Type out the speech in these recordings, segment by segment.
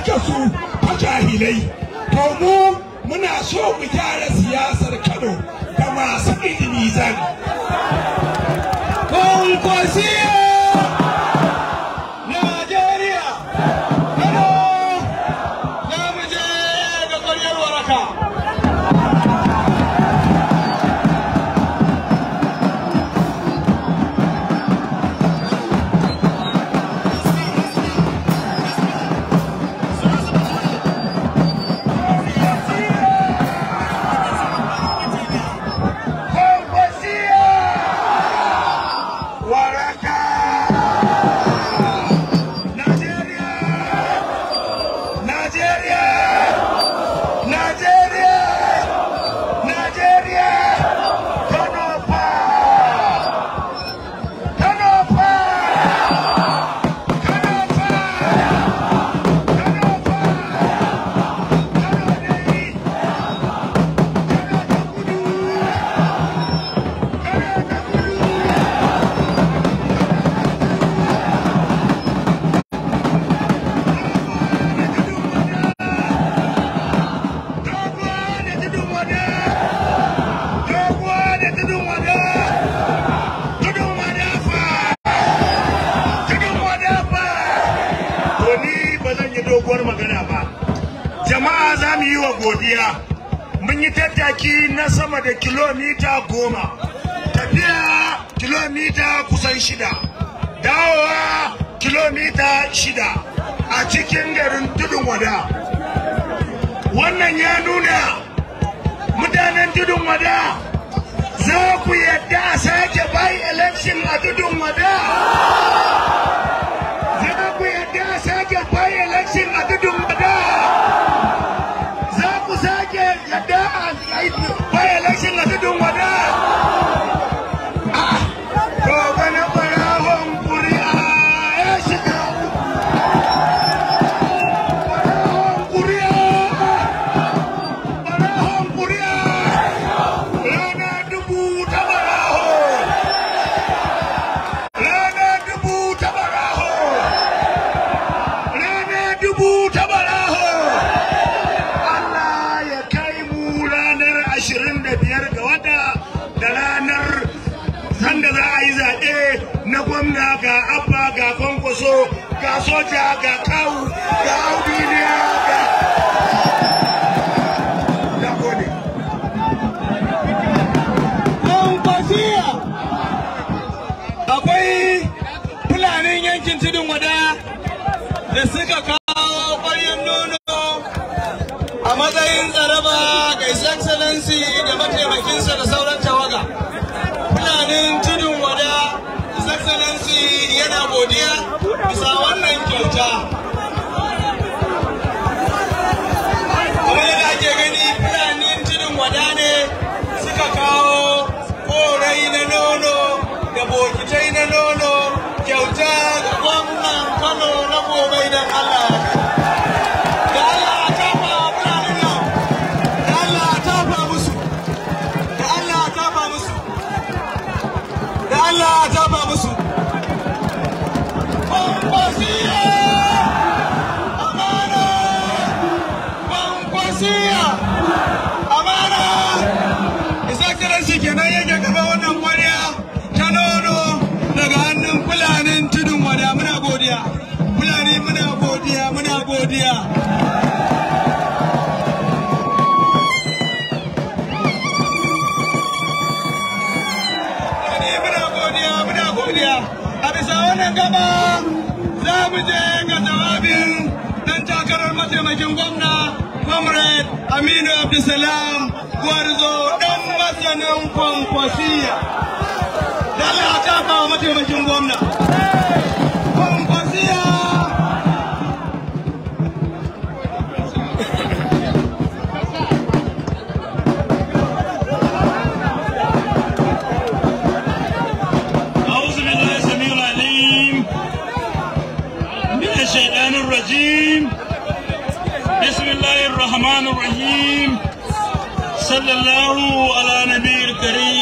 take su a jahilai to mu muna so mu gyara siyasar Kano da masu ilimi zan. Kwankwasiyar kilomita goma tafiya kilomita kusan shida dawowa kilomita shida a cikin garin tudun wada wannan ya nuna mutanen tudun wada za ku yadda a sake by election a tudun wada kwaso ga soja ga kawu ga aubiliya ga akwai fulanin yankin tudun wada da suka muna godiya a bisa wannan gaba za mu je ga jawabin dan takarar mataimakin gwamna comrade aminu abdulsalam gwarzo dan masanin kwankwasiya dalla ta kawo mataimakin gwamna kwankwasiya الرحمن الرحيم صلى الله على نبي الكريم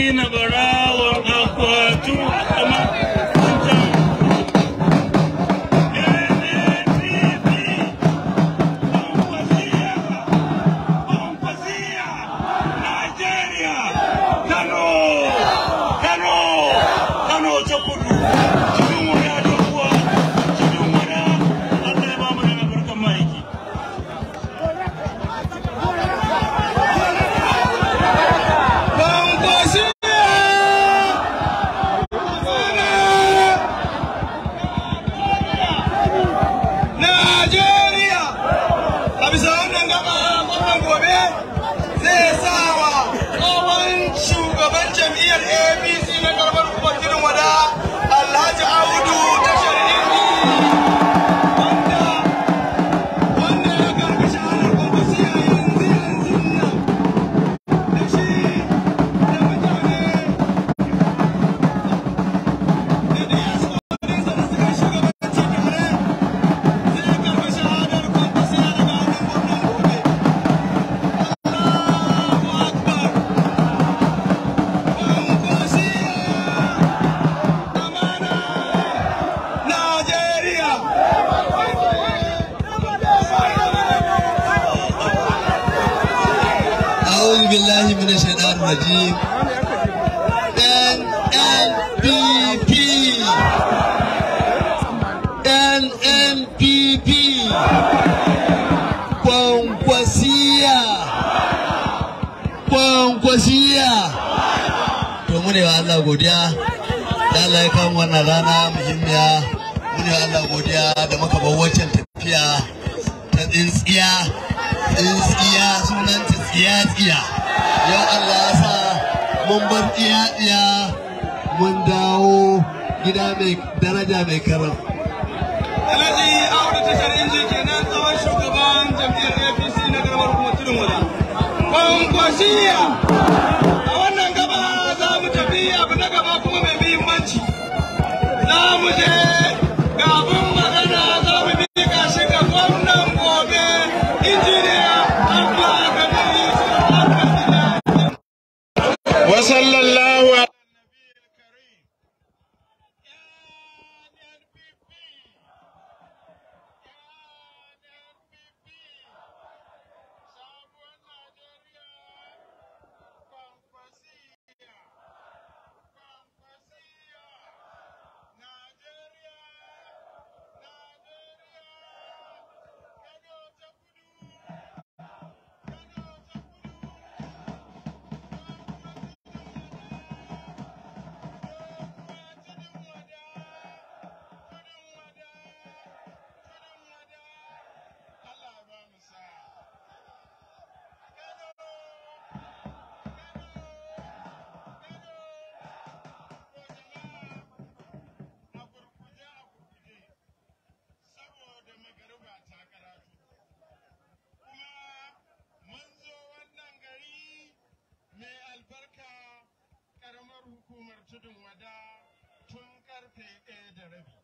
الذين براءوا أخواتهم da kan wannan rana muhimmiya muni Allah godiya da muka bar waccan tafiya ta tsintsiya tsintsiya sunan tsiya tsiya yau Allah ya sa mun bar tsiya tsiya mun dawo gida mai daraja mai karam Alhaji Audu tashar inji kenan tsawon shugaban jam'iyyar APC na karamar kuma tudun wada. Kwankwashiya! za mu je ga magana za mu shi ga gwamnan gobe injiniya abdullahi kadiri wasallallahu tudun wada tun karfe ɗaya da rabi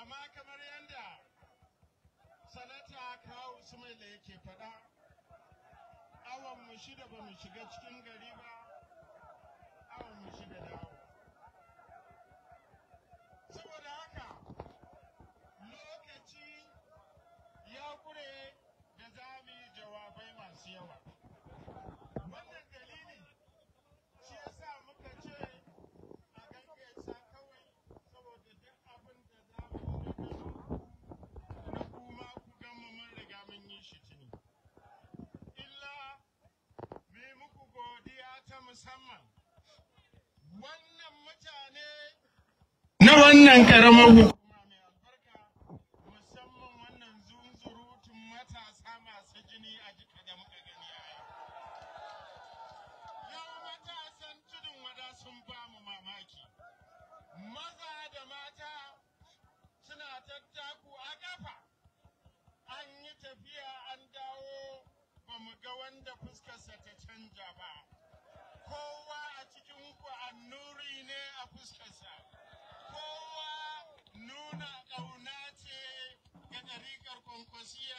amma kamar yadda sanata kawo sumaila yake faɗa awon mu shida ba mu shiga cikin gari ba awon mu shida dawo saboda haka lokaci ya kure da za mu yi jawabai masu yawa wannan karamar hukuma mai albarka musamman wannan zunzurutun matasa masu jini a jika da muka gani a yau. Yau matasan tudun wada sun ba mu mamaki. Maza da mata suna tattaku a kafa. An yi tafiya an dawo ba mu ga wanda fuskarsa ta canja ba. Kowa a cikin ku annuri ne a fuskarsa. Kowa nuna ƙauna ce ga ɗarikar kwankwasiya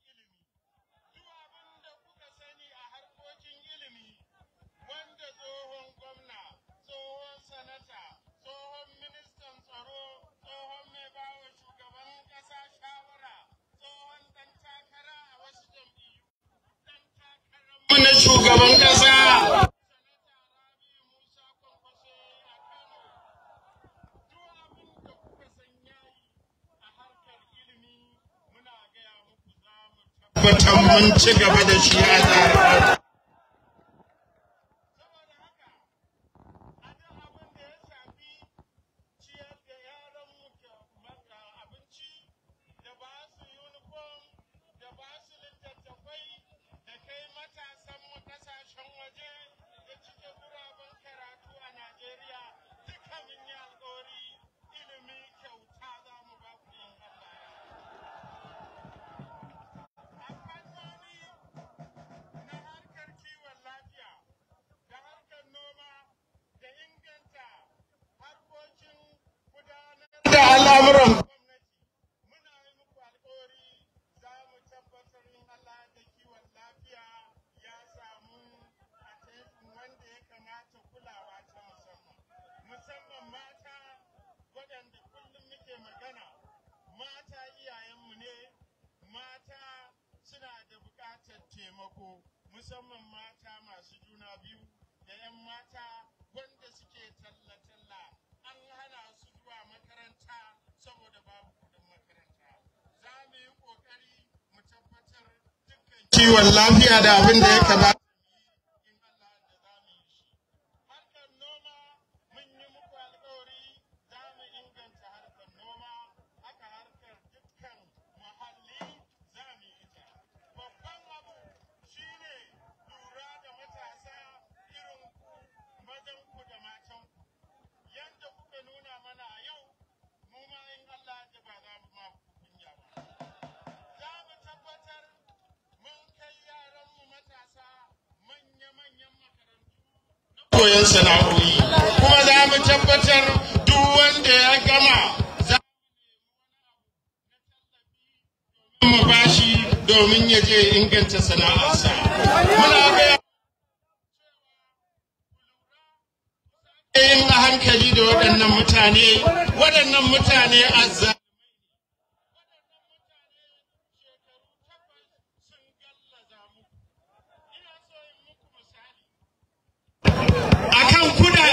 Batan mun ci gaba da shi a ciwon lafiya da abin da ya kamata koyon sana'o'i kuma za mu tabbatar duk wanda ya gama za mu bashi domin ya je inganta sana'arsa muna ga yin hankali da waɗannan mutane waɗannan mutane azza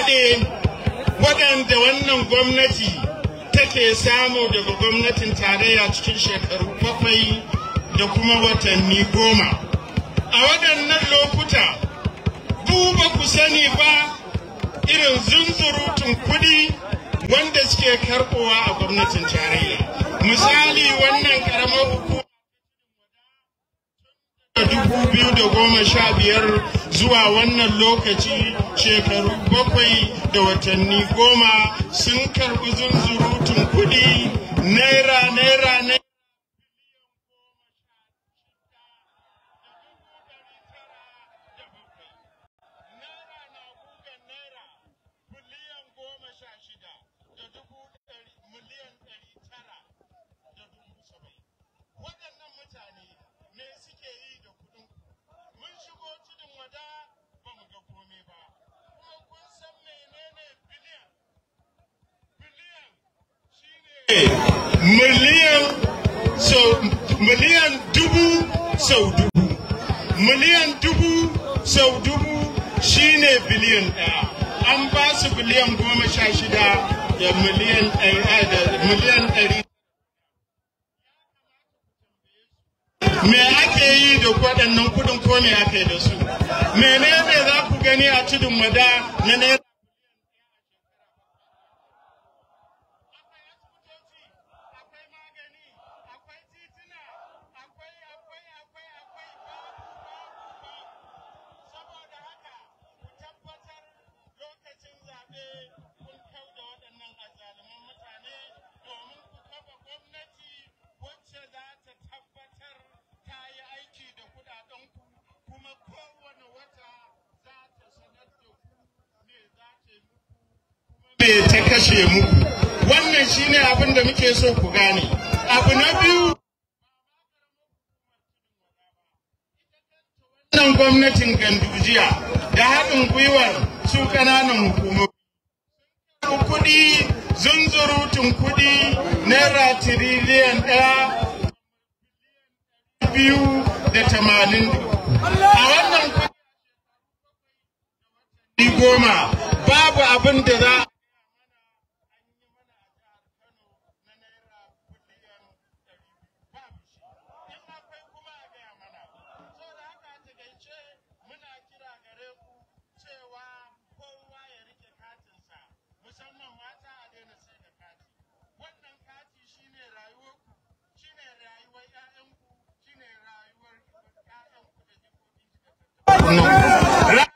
kuɗaɗe waɗanda wannan gwamnati take samu daga gwamnatin tarayya cikin shekaru bakwai da kuma watanni goma a waɗannan lokuta duba ku sani ba irin zunzurutun kuɗi wanda suke karɓowa a gwamnatin tarayya misali wannan ƙaramar hukuma biyar zuwa wannan lokaci shekaru bakwai da watanni goma sun karɓi zunzurutun kuɗi naira naira naira miliyan sau miliyan dubu sau dubu miliyan dubu sau dubu shine biliyan ɗaya an ba su biliyan goma sha shida da miliyan ɗari eh, me ake yi da waɗannan kuɗin ko me ake da su menene za ku gani a tudun mada na ta kashe muku wannan shine abin da muke so ku gane abu na biyu wannan gwamnatin gandujiya da haɗin gwiwar su ƙananan hukumomi kuɗi zunzurutun kuɗi naira tiriliyan ɗaya biyu da tamanin a wannan kuɗi goma babu abin da za a não.